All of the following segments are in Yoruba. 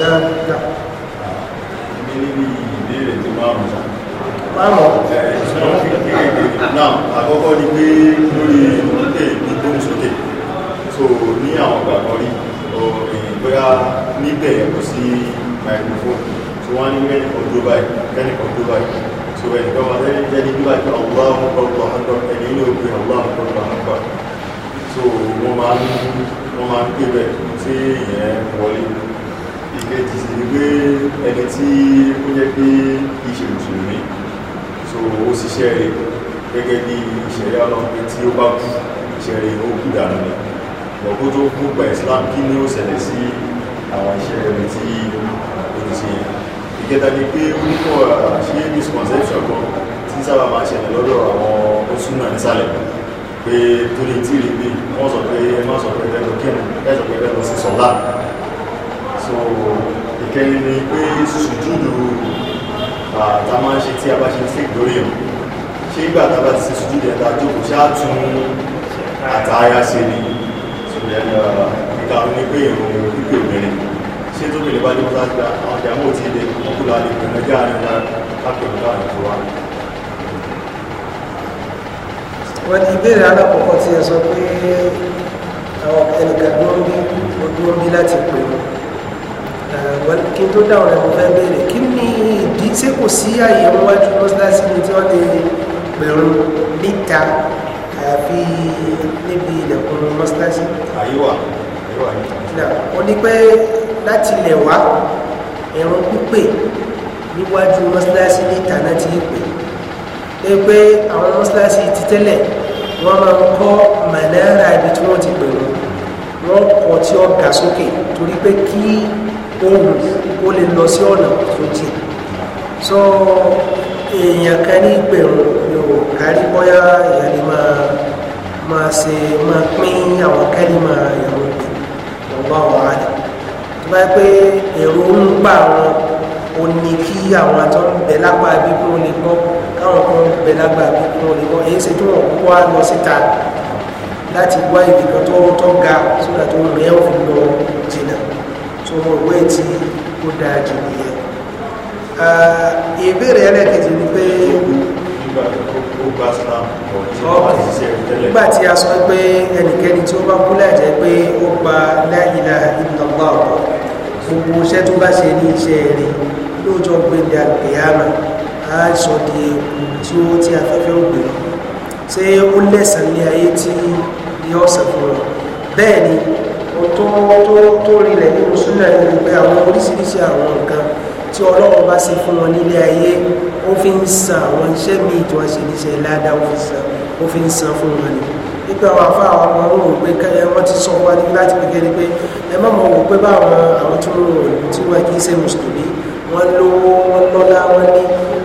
dáadáa. mi ní ní ìbéèrè tí máa ń sá. báwo. ẹ ẹ sọ kékeré náà àkọ́kọ́ ni pé lórí òkè ìgbóhùn so ní àwọn ìgbàgbọ́ rí bóyá níbẹ̀ kò sí microphone tí wọ́n á ní mẹ́nìkan dúró báyìí mẹ́nìkan dúró báyìí so ẹnìkan máa tẹ́lẹ̀ jẹ́ni bí báyìí ọ̀gbọ́n ọ̀gbọ́n ọ̀gbọ́n ọ̀gbọ́n ẹni ní òkè ọ̀gbọ́n ọ̀gbọ́n ọ̀gbọ́n so wọ́n máa ń wọ́n máa ń pè bẹ́ẹ̀ tí ìyẹn wọlé ìkejì sì ni pé ẹni tí ó jẹ́ pé kì ṣe mùsùlùmí so ó ṣiṣẹ́ rẹ̀ gẹ́gẹ́ bí ìṣẹ̀lẹ̀ ọlọ́pẹ́ tí ó bá kú ìṣẹ̀lẹ̀ ó kú dànù ni ọkọ̀ tó kú gba Islam kí ni ó ṣẹlẹ̀ sí àwọn iṣẹ́ rẹ̀ tí ó ti ṣe ìkẹta ni pé ó ní kọ́ àṣẹ misconception kan tí sábà máa ṣẹlẹ̀ lọ́dọ̀ àwọn oṣùnà nísàlẹ̀ pé tó lè tí ì rí bí wọ́n sọ pé ẹ má sọ pé bẹ́ẹ̀ lọ kírun sọ pé bẹ́ẹ̀ lọ sí sọ́lá so ìkẹyìn ni pé sùjúdù tá máa ń ṣe tí a bá ṣe tí lórí ẹ̀ ṣé ìgbà tá a bá ti ṣe sùjúdù ẹ̀ta jókòó ṣáà tún àtàyà ṣe ni ṣùgbọ́n ìka ní pé ìròyìn pípé obìnrin ṣé tó bèrè bá débọ́tà gba àwọn ìyàwó tí ilé ọkùnrin àlè pẹ̀lú ẹgbẹ́ àárín ńlá kápẹ̀lú láàrin tó wà. wọ́n ti ìbéèrè alákọ̀ọ́kọ́ ti ẹ̀ sọ pé ẹnìkan dúró bí láti pè wọ́n kí n tó dáhùn rẹ̀ mo fẹ́ bẹ̀rẹ̀ kí ni ìdí ṣé kò sí àyè wájú mọ́sálásí ni tí wọ́n lè pẹ̀rù níta àyàfi níbi ilẹ̀kùn mọ́sálásí. àyíwá àyíwá yìí. ó ní pé láti ilẹ̀ wá ẹ̀rọ pípé níwájú mọ́sálásí níta náà ti pè é pé àwọn mọ́sálásí ti tẹ́lẹ̀ wọ́n máa ń kọ́ mànára ibi tí wọ́n ti pè wọ́n kọ́ tí ó ga sókè torí pé kí ohun ó lè lọ sí ọ̀nà tó jìn so èèyàn kan ní ìgbẹ̀rún mi ò kárí bóyá èèyàn lè máa máa ṣe máa pín àwọn kẹ́lí máa èrò ọ̀gbà wàhálà tó bá pé èrò ń gbà wọn ó ní kí àwọn àtọ́ ń bẹ lápá bí kí wọ́n lè gbọ́ káwọn kan ń bẹ lápá bí kí wọ́n lè gbọ́ èyí ṣe tí wọ́n kó wá lọ síta láti wá ibìkan tó tó ga sódà tó rẹ̀ ó fi lọ jìnnà so mo rò wẹ́ẹ̀ tí ó dáa jù nìyẹn ìbéèrè ẹlẹ́kejì ni pé nígbà tí a sọ pé ẹnikẹ́ni tí ó bá kú láìjẹ́ pé ó gba la ilaha illallah gbogbo iṣẹ́ tó bá ṣe ní iṣẹ́ rẹ̀ lóòjọ́ gbélé àgbéyàmà á di ewu tí ó ti afẹ́fẹ́ ògbèrè ṣé ó lẹ̀sàn ní ayé tí ní ọ̀sán fún ọ bẹ́ẹ̀ ni tó tó tó rinlẹ̀ nínú súnà ní pé àwọn oríṣiríṣi àwọn nǹkan tí ọlọ́run bá ṣe fún wọn nílé ayé ó fi ń san àwọn iṣẹ́ míì tí wọ́n ṣe níṣẹ́ ládàá ó fi ń san fún wọn ni nígbà wọn afá àwọn ọmọ wọn ò gbé kẹlẹ ti sọ wá láti pé kẹlẹ pé ẹ má mọ wò pé báwọn àwọn tí wọn ò tí wọn kì í ṣe mùsùlùmí wọn lówó wọn lọ́lá wọn ní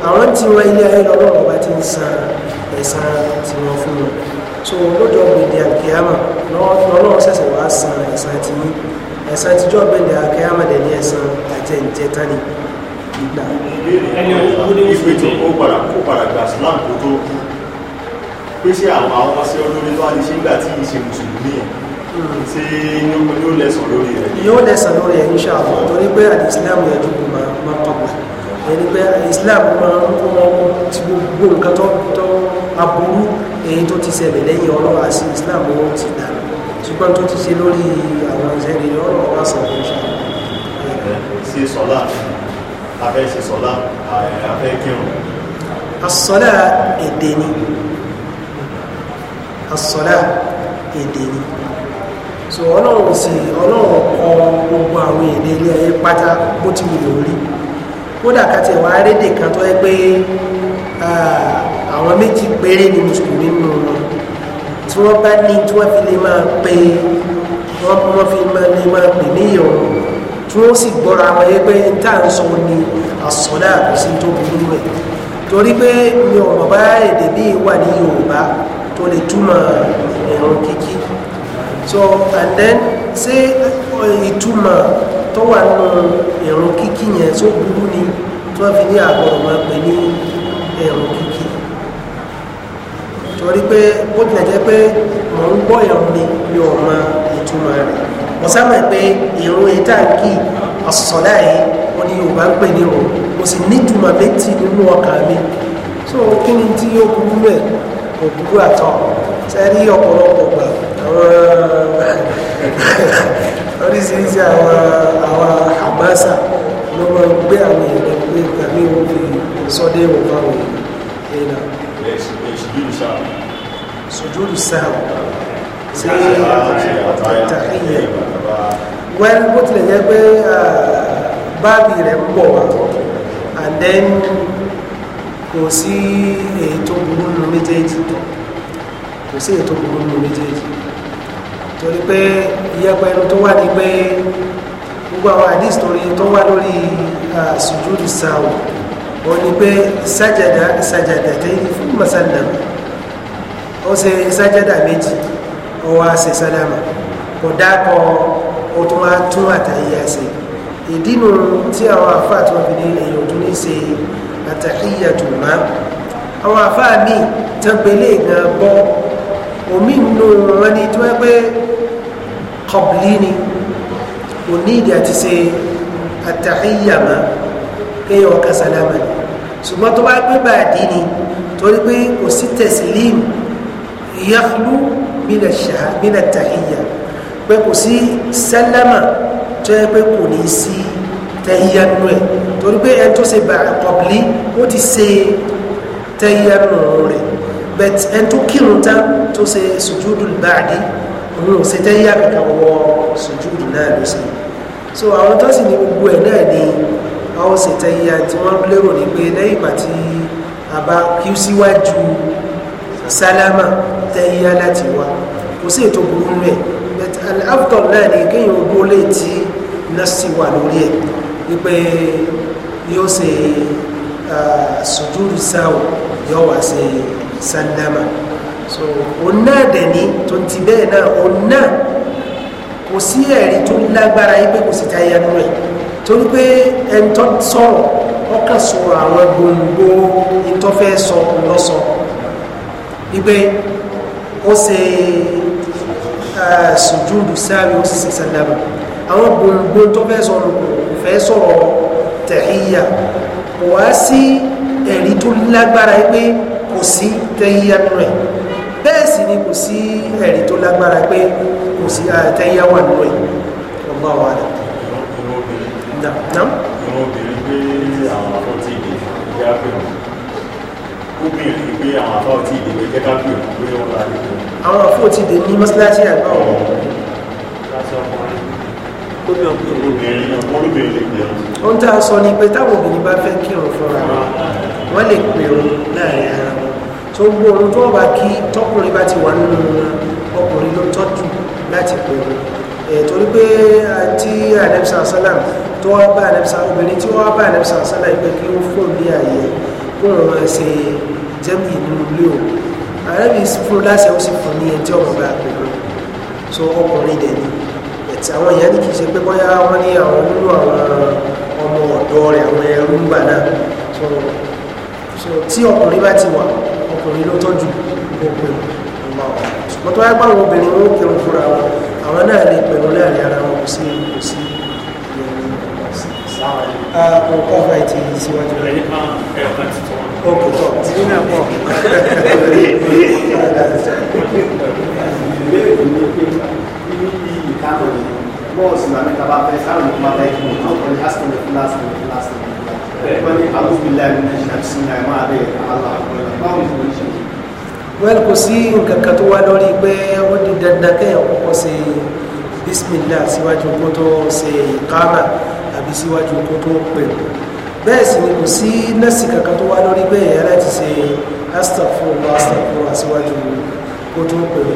àwọn tí wọn ilé ayé lọ́wọ́ ọba ti ń san ẹ̀san tí wọn fún wọn so lọ́jọ́ gbèdé àkíyàmà lọ́lọ́run ṣẹ̀ṣẹ̀ wá san ẹ̀san ti yín ẹ̀san tíjọ́ gbèdé àkíyàmà dẹ̀ ní ẹ̀san àtẹ̀ǹjẹ́ tani gbígbà. ẹni ìwé tó kó padà kó padà gbà sílámù kó tó kú pé ṣé àwọn ọmọ sí olórí tó wá ní ṣe ń gbà tí kì í ṣe mùsùlùmí ẹ̀ tí yóò lẹ́sàn lórí rẹ̀. yóò lẹ́sàn lórí ẹ̀ insha Allah torí pé àti islam yẹn tó kù máa ń pàpà ẹni pé islam máa ń kó wọn ti gbogbo nǹkan aburú èyí tó ti ṣẹlẹ̀ lẹ́yìn ọlọ́wà sí islam ó ti dànù ṣùgbọ́n tó ti ṣe lórí àwọn ìṣẹ̀lẹ̀ ọlọ́wà wà sọ̀rọ̀ ṣá. sí sọlá afẹ́ sí sọlá afẹ́ kírun. asọ́lá èdè ni asọ́lá èdè ni so ọlọ́run sì ọlọ́run kọ gbogbo àwọn èdè ilé ayé pátá bó ti wù lórí kódà kàtẹ́wàá rédè kan tó yẹ pé ah, àwọn méjì péré ni mùsùlùmí nù wọn tí wọ́n bá ní tí wọ́n fi lè máa pe wọ́n wọ́n fi máa lè máa pè ní ìrọ̀rùn tí wọ́n sì gbọ́ra wọn yẹ pé tá à ń sọ ni àsọdá àkọsí tó burú rẹ̀ torí pé mi ò mọ̀ bá èdè bíi wà ní Yorùbá tó lè túmọ̀ ẹ̀rùn kíkí so and then ṣé ìtumọ̀ tó wà nù ẹ̀rùn kíkí yẹn tó burú ni tí wọ́n fi ní àgbọ̀rọ̀ máa pè ní ẹ̀rùn kíkí torí pé bó tilẹ̀ jẹ́ pé mò ń gbọ́ ìrun ni mi ò mọ ìtumọ̀ rẹ̀ mo sábà pé ìrun yìí kí àsọ̀lá yìí ó ní yorùbá ń pè ní òun mo sì nítumọ̀ létí nínú ọkàn mi so kí ni tí ó burú rẹ̀ kò burú àtọ̀ sẹ́rí ọ̀pọ̀lọpọ̀ gbà oríṣiríṣi àwọn àwọn àbáṣà ló máa ń gbé àwọn èèyàn pé tàbí wọn fi sọdé wọn fáwọn èèyàn. سجود sahwi sí tàkìyẹ wẹ́n بادي tilẹ̀ and then kò sí èyí tó burú nínú méjèèjì kò sí èyí tó burú nínú méjèèjì torí pé ìyẹ́pẹ́ ẹnu tó wà ní pé gbogbo àwọn àdìs tó wà lórí sujudu sahwi ó ní pé sajada sajadatain fún masalama ó ṣe sájádà méjì ó wá ṣe sálámà kò dákọ ó tún wá tún àtàyè ṣe ìdínú tí àwọn àfáà tí wọ́n fi ní èèyàn tún ní ṣe àtàkìyà tó má àwọn àfáà míì tẹ́gbẹ̀lẹ́ gan bọ́ omi nù wọn ni tí wọ́n pé kọ̀bìlì ni kò ní ìdí àti ṣe àtàkìyà má kéèyàn ọ̀ka sálámà ṣùgbọ́n tó bá gbé bàdí ni torí pé kò sí tẹ̀sílíìmù yàkùlù bínà ṣáà bínà tàhíyà pé kò sí sálámà tó yẹ pé kò ní sí tàhíyà nù ẹ̀ torí pé ẹni tó ṣe bá kọ̀bìlì ó ti ṣe tàhíyà nù rẹ̀ bẹ́t ẹni tó kírun tán tó ṣe sùjúdù báàdì òun ò ṣe tàhíyà kankan wọ sùjúdù náà ló ṣe so àwọn tó sì ní gbogbo ẹ̀ náà ni àwọn ṣe tàhíyà tí wọ́n lérò ní pé lẹ́yìn ìgbà tí a bá síwájú sálámà tẹ́yà láti wá kò sí ètò burú rẹ̀ but after náà ni kéèyàn ogún lè tí nọ́ọ̀sì wà lórí ẹ̀ wípé yóò ṣe sùjúdù sáwò yóò wá ṣe sálámà so òun náà dẹ̀ ní tó ti bẹ́ẹ̀ náà òun náà kò sí ẹ̀rí tó lágbára yí pé kò sí táyà nínú ẹ̀ torí pé ẹni tó sọ̀rọ̀ ọkàn sọ̀rọ̀ àwọn gbòǹgbò ìtọ́fẹ́ sọ lọ́sọ̀ wípé ó ṣe eh, sùjúdù sáré ó sì ṣe sàlámù àwọn gbogbo tó fẹ́ sọ̀rọ̀ fẹ́ sọ̀rọ̀ tẹ̀híyà kò wá sí ẹ̀rí tó lágbára pé kò sí tẹ̀híyà nù rẹ̀ bẹ́ẹ̀ sì ni kò sí ẹ̀rí tó lágbára pé kò sí eh, tẹ̀híyà wà nù rẹ̀ ọgbà wà rẹ̀. obìnrin pé àwọn àpótí ìdè ìyá pẹ̀lú ó bèèrè pé àwọn àfáà tí ìdè jẹ́ ká ní mọ́sálásí àgbà wọn. ohun tá a sọ ni pé táwọn obìnrin bá fẹ́ kírun fúnra wọn wọ́n lè pè wọn láàrin ara wọn tó gbó ohun tó bá kí tọkùnrin bá ti wà nínú wọn ọkùnrin ló tọ́jú láti pè wọn torí pé tí àdẹ́bísà sálàm tó wá bá àdẹ́bísà obìnrin tí wọ́n bá àdẹ́bísà sálàm pé kí ó fò ní àyè kó wọn ṣe jẹ́mi nínú ilé o àrẹ́bí fún láṣẹ ó sì fún ní ẹjọ́ ọmọ bá pẹ̀lú so ọkùnrin dẹ̀ ni ẹ̀tì àwọn èèyàn ní kì í ṣe pé bóyá wọ́n ní àwọn nínú àwọn ọmọ ọ̀dọ́ rẹ̀ àwọn ẹrú ń gbà náà so so tí ọkùnrin bá ti wà ọkùnrin ló tọ́jú gbogbo ọmọ ṣùgbọ́n tó wáyé pàwọn obìnrin wọn ó kírun fúnra wọn àwọn náà lè pẹ̀lú láàrin ara wọn kò sí ọkọ̀ ọba ìtì síwájú rẹ̀ ọkọ̀ tọ̀ tí ní àpọ̀ bọ́ọ̀sì náà níta bá fẹ́ sáà nípa bá ẹ̀kọ́ náà kọ́ ní asìlẹ̀ fún lásìlẹ̀ fún lásìlẹ̀ wọ́n ní àwùjọ ní ṣàbísí náà máa bẹ̀ àlọ́ àwọn ọ̀rọ̀ báwọn ìfowó ṣe. wẹ́ẹ̀ kò sí nǹkan kan tó wá lórí pé ó di dandan kẹ́yàn kọ́kọ́ ṣe Bismillah, síwájú kó tó ṣe ìkáàmà àbí síwájú kó tó pẹ̀lú bẹ́ẹ̀ sì ni kò sí nẹ́ẹ̀sì kankan tó wá lórí bẹ́ẹ̀ láti ṣe astagfirullah astagfirullah síwájú kó tó pẹ̀lú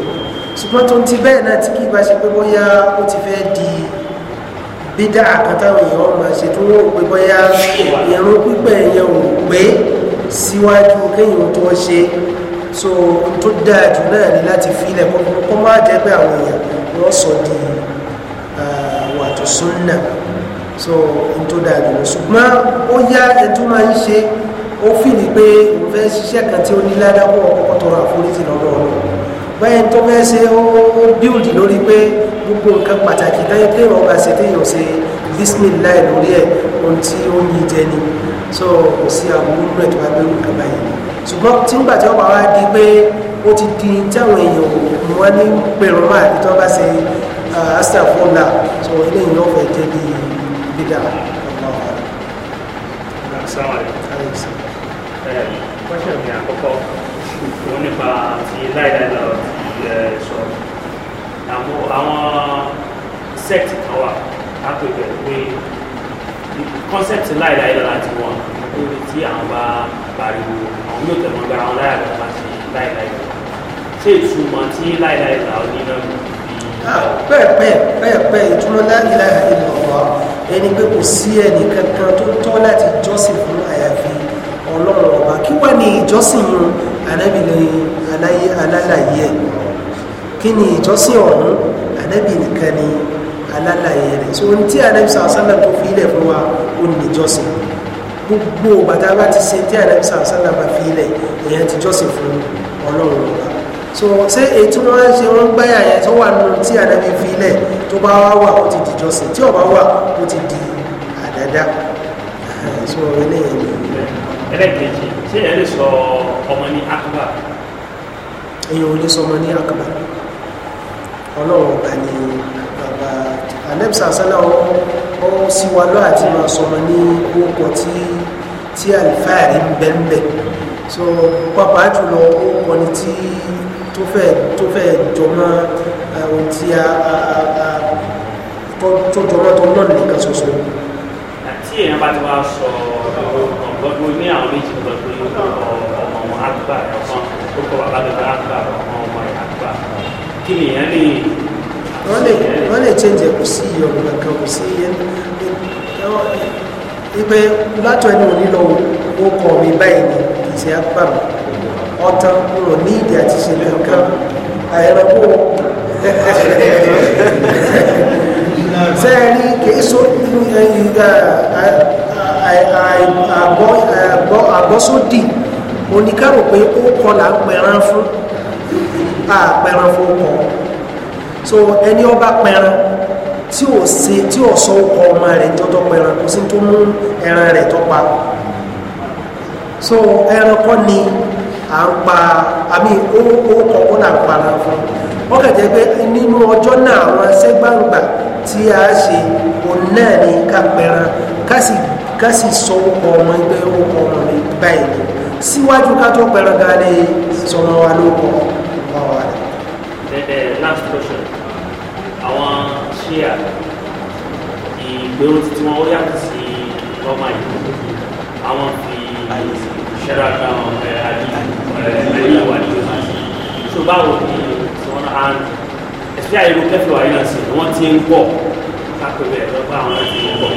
ṣùgbọ́n tó ń ti bẹ́ẹ̀ náà tí kì í bá ṣe pé bóyá ó ti fẹ́ di bídá àkàtàwọn èèyàn máa ṣe tó wọ́n pé bóyá ìrún pípẹ́ yẹn ò pé síwájú kéèyàn tó ṣe so tó dáa jù náà ni láti filẹ̀ kó má jẹ́ pé àwọn èèyàn wọ́n sọ di wàtò súnnà so n tó da jùlọ ṣùgbọ́n ó yá ètò máa ń ṣe ó fìlì pé òun fẹ́ ṣiṣẹ́ kan tí ó ní ládàpọ̀ ọkọ̀ tọrọ àforíjì lọ́dọ̀ ọ̀run báyẹn tó fẹ́ ṣe ó build lórí pé gbogbo nǹkan pàtàkì táyé kéèyàn ọba ṣe téèyàn ṣe bisimilayi lórí ẹ̀ ohun tí ó yin jẹ ni so kò sí àwọn olùrẹ̀ tó bá gbé nǹkan báyìí ṣùgbọ́n tí ń gbàtí ọba wa di pé ó ti di táwọn èèyàn wọn ní pèrò máa àbí tó bá ṣe ah, astafurla so eléyìí náà fẹ́ jẹ́ bíi bídà ọlọ́wọ́ Question mi àkọ́kọ́ ó nípa ti láìláìlọ ti ẹ̀ṣọ́ àwọn sect kan wà lápẹ̀bẹ̀ pé concept láìláìlọ láti wọn níbi tí àwọn bá pariwo àwọn yóò tẹ̀wọ́n gba àwọn láìláìlọ láti láìláìlọ ṣé ìtumọ̀ tí láìláìlọ ní náà pẹ́ẹ̀pẹ́ pẹ́ẹ̀pẹ́ ìtúrọ láti láyà ilẹ̀ ọ̀pọ̀ ẹni pé kò sí ẹnì kankan tó tọ́ láti jọ́sìn fún àyàfi ọlọ́run ọba kí wá ní ìjọ́sìn yun anábìnrin alálàyé ẹ̀ kí ni ìjọ́sìn ọ̀hún anábì nìkan ni alálàyé rẹ̀ so ohun tí anábì sàásánà tó fi ilẹ̀ fún wa ó ní ìjọ́sìn gbogbo bàtà bá ti ṣe tí anábì sàásánà bá fi ilẹ̀ èèyàn ti jọ́sìn fún ọlọ́run ọba so ṣé ètò wọn ṣe wọn gbáyà yẹn tó wà nínú tí ànábì fi lẹ̀ tó bá wá wà ó ti dìjọsìn tí ò bá wà ó ti di àdáda so eléyìí ni. ẹlẹ́kẹ̀ẹ́jì ṣé ẹ lè sọ ọmọ ní akaba. èèyàn ò lè sọ ọmọ ní akaba ọlọ́run ọba ni bàbá anẹ́bísà sálá ọ síwájú àti máa sọ ọmọ ní orúkọ tí àlùfáà rí bẹ́ẹ̀ bẹ́ẹ̀ so pàápàá jùlọ ó kọni tí tó fẹ́ tó fẹ́ jọmọ́ àwọn eh, tí a a a tó jọmọ́ tó lọ́nà nìkan ṣoṣo. àti èèyàn bá ti wá sọ ọ̀gbọ́dún ní àwọn méjì gbọ́dún ọmọ ọmọ àgbà ọ̀kan tó kọ bàbá bàbá àgbà ọmọ ọmọ àgbà kí ni èèyàn lè. wọ́n lè wọ́n lè chẹ́ǹjẹ̀ kò sí ìyọ̀nù kankan kò sí ìyẹn ní pé látọ̀ ẹni òní lọ ó kọ̀ mi báyìí ni ti akpam ọtọ kúrò ní ìdí àti ìṣẹ̀lẹ̀ kan àyẹ̀rẹ̀kọ́ sẹ́ẹ̀rí kìí so nínú ẹyin àgbọ́sódì oníkàrò pé ó kọlà pẹ̀ran fún àpẹran fún ọkọ̀ so ẹni ọba pẹran tí ò ṣe tí ò sọ ọkọ̀ ọmọ rẹ̀ jọjọ pẹran kò sí tó mú ẹran rẹ̀ tọ́pa so ẹranko ni à ń pa àmì orúkọ kó náà para fún wọ́n kẹ̀jẹ́ pé nínú ọjọ́ náà àwọn sẹ́gbàǹgbà tí a ṣe òun náà ni ká pẹran ká sì sọ orúkọ ọmọ ẹgbẹ́ orúkọ ọmọ mi báyìí ni síwájú ká tó pẹran gan ni sọmọ wa ló kọ ọmọ wa rẹ. bẹ́ẹ̀ last question àwọn ṣíà ìgbéró tí wọ́n yàtọ̀ sí lọ́mọ yìí àwọn fi ṣẹ́ra táwọn ọ̀rẹ́ àdí ẹ̀rẹ́ ìyàwó àdí ọ̀sán sí so báwo ni wọ́n á ẹ̀sìn àyẹ̀wò kẹfì wà yíyàn sí wọ́n ti ń pọ̀ kápẹ́bẹ̀ lọ́gbà àwọn láti ń pọ̀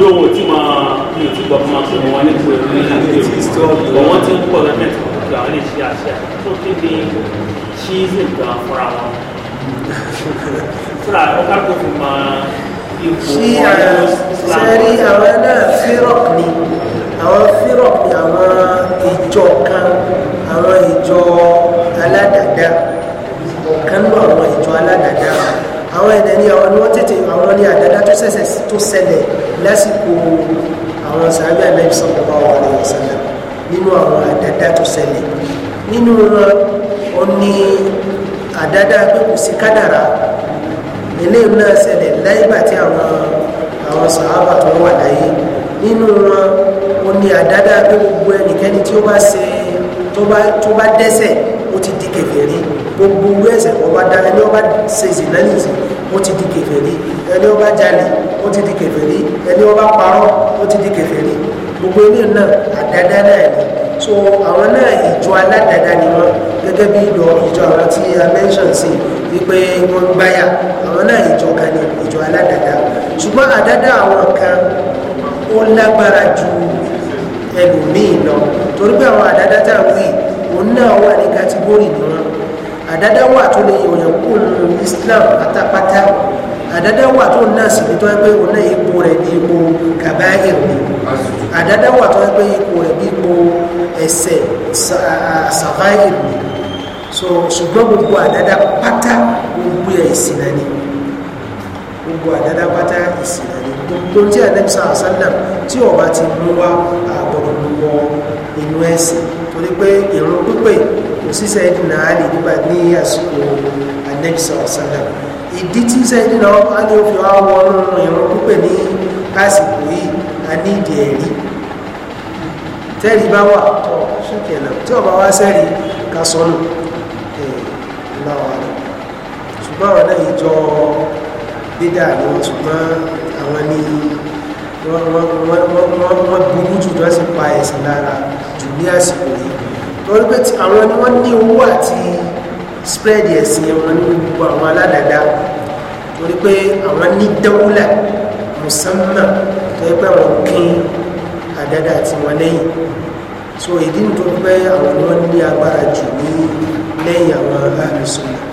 lówó tí wọ́n ní ti gbọ́ fún ọmọ wọn ní pé wọ́n ti ń pọ̀ lọ́tẹ̀ ni. tẹ́sẹ̀ tó ṣẹlẹ̀ lásìkò àwọn sàábì ànábì sallallahu alaihi wasallam nínú àwọn àdádá tó ṣẹlẹ̀ nínú wọn ó ní àdádá pé kò sí kádàrá eléyìí náà ṣẹlẹ̀ láìgbà tí àwọn àwọn sàábà tó wà láyé nínú wọn ó ní àdádá pé gbogbo ẹnikẹ́ni tí ó bá ṣe tó bá dẹ́ṣẹ̀ ó ti di kèfèrí gbogbo owó ẹ̀ṣẹ̀ wọn bá dá ẹni ọba ṣe ìsìnlẹ́yìn ó ti di kèfèrí ẹni ọba jalè ó ti di kèfèrí ẹni ọba parọ́ ó ti di kèfèrí gbogbo ilé náà àdáda náà ni so àwọn náà ìjọ aládàáda ni wọn gẹ́gẹ́ bí ìlọ ìjọ àwọn tí a mention sí wípé wọn gbáyà àwọn náà ìjọ kan ní ìjọ aládàáda ṣùgbọ́n àdáda àwọn kan ó lágbára ju ẹlòmíì lọ torí pé àwọn àdáda tá a wí náà wà ní kátìgórì ni wọn àdádáwà tó lè yọ̀yàn kó lu Islam pátápátá àdádáwà tó náà sì ní tó ẹ pé òun náà ipò rẹ̀ ní ipò kàbáyé ni àdádáwà tó ẹ pé ipò rẹ̀ ní ipò ẹsẹ̀ sàfáyé ni so ṣùgbọ́n gbogbo àdádá pátá gbogbo ẹ̀ ìsìnà ni gbogbo àdádá pátá ìsìnà ni gbogbo tí àdébísà àṣálà tí ọba ti mú wá àgbọ̀dọ̀ gbogbo inú ẹ̀sìn torí pé ìrún pípè kò sí Sayyidina Ali nígbà ní àsìkò anẹ́bísọ̀ ọ̀sánlẹ̀ ìdí tí Sayyidina Ali ó fi wá wọnú ìrún pípè ní àsìkò yìí a ní ìdí ẹ̀rí tẹ́rì bá wà tọ́ sókè lọ tí ọba wá sẹ́rì ká sọnù láwọn ṣùgbọ́n àwọn náà ìjọ dídà ni ṣùgbọ́n àwọn ní wọ́n burú jù àìsàn lára jù ní àsìkò yìí torí pé àwọn ni wọ́n ní owó àti spread ẹ̀sìn wọn ní gbogbo àwọn aládàáda torí pé àwọn ní dẹ́wúlà musamman tó yẹ pé àwọn kín àdáda àti wọn lẹ́yìn so ìdí nítorí pé àwọn ni wọ́n ní agbára jù ní lẹ́yìn àwọn àlùsùn náà.